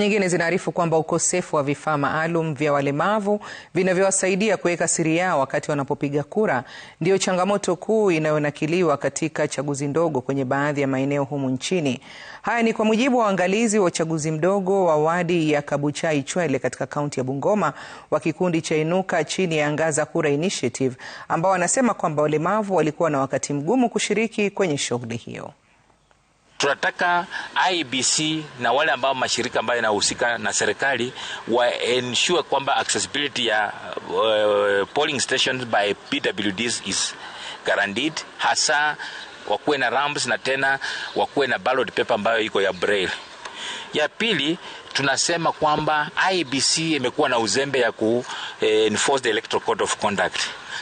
Nyingine zinaarifu kwamba ukosefu wa vifaa maalum vya walemavu vinavyowasaidia kuweka siri yao wakati wanapopiga kura ndiyo changamoto kuu inayonakiliwa katika chaguzi ndogo kwenye baadhi ya maeneo humu nchini. Haya ni kwa mujibu wa waangalizi wa uchaguzi mdogo wa wadi ya Kabuchai Chwele katika kaunti ya Bungoma wa kikundi cha Inuka chini ya Angaza Kura Initiative ambao wanasema kwamba walemavu walikuwa na wakati mgumu kushiriki kwenye shughuli hiyo. Tunataka IBC na wale ambao mashirika ambayo yanahusika na, serikali wa ensure kwamba accessibility ya uh, polling stations by PWDs is guaranteed, hasa wakuwe na ramps na tena wakuwe na ballot paper ambayo iko ya braille. Ya pili tunasema kwamba IBC imekuwa na uzembe ya ku eh, enforce the electoral code of conduct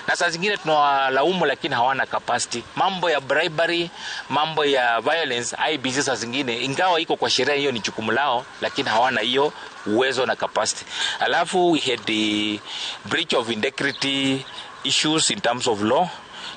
na saa zingine tunawalaumu lakini hawana capacity. Mambo ya bribery, mambo ya violence, IBC saa zingine ingawa iko kwa sheria, hiyo ni jukumu lao, lakini hawana hiyo uwezo na capacity. Alafu we had the breach of integrity issues in terms of law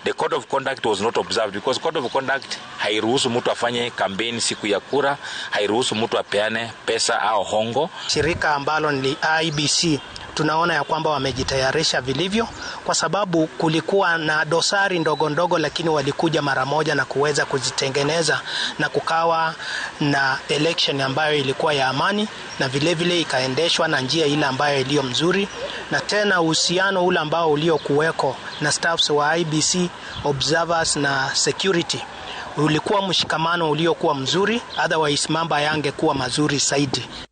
the code of conduct was not observed because code of conduct hairuhusu mtu afanye kampeni siku ya kura, hairuhusu mtu apeane pesa au hongo. Shirika ambalo ni IBC tunaona ya kwamba wamejitayarisha vilivyo, kwa sababu kulikuwa na dosari ndogo ndogo, lakini walikuja mara moja na kuweza kuzitengeneza na kukawa na election ambayo ilikuwa ya amani na vilevile vile ikaendeshwa na njia ile ambayo iliyo mzuri, na tena uhusiano ule ambao uliokuweko na staffs wa IBC observers na security ulikuwa mshikamano uliokuwa mzuri, otherwise mambo yangekuwa mazuri zaidi.